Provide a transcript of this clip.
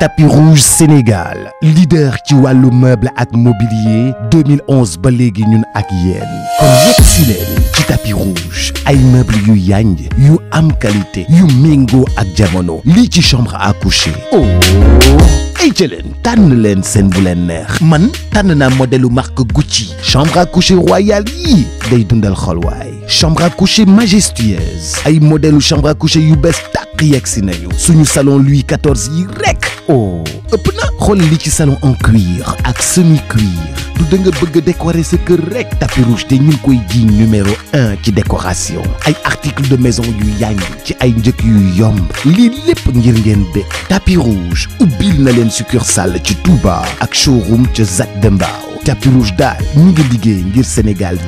tapis rouge Sénégal leader qui ci le meuble le mobilier 2011 ba léegi ñun ak Comme tapis rouge ay meuble yu yang. yu am qualité yu mingo ak jamono li ci chambre à coucher oh, oh. ay tan tan leen seen bu leen neex man tan na marque Gucci chambre à coucher royale yii day dundal xolwaay chambre à coucher majestueuse ay ou chambre à coucher yu bees tàq yegg si salon Louis 14 oh ëpp li ci salon en cuir ak semi cuir Tout da nga bëgg décorer sa kër tapis rouge te ñu numéro 1 ci décoration ay article de maison du Yang ci ay njëkk yu yomb li ngir ngeen tapis rouge ubil na leen succursale ci Touba ak showroom de tapis rouge Sénégal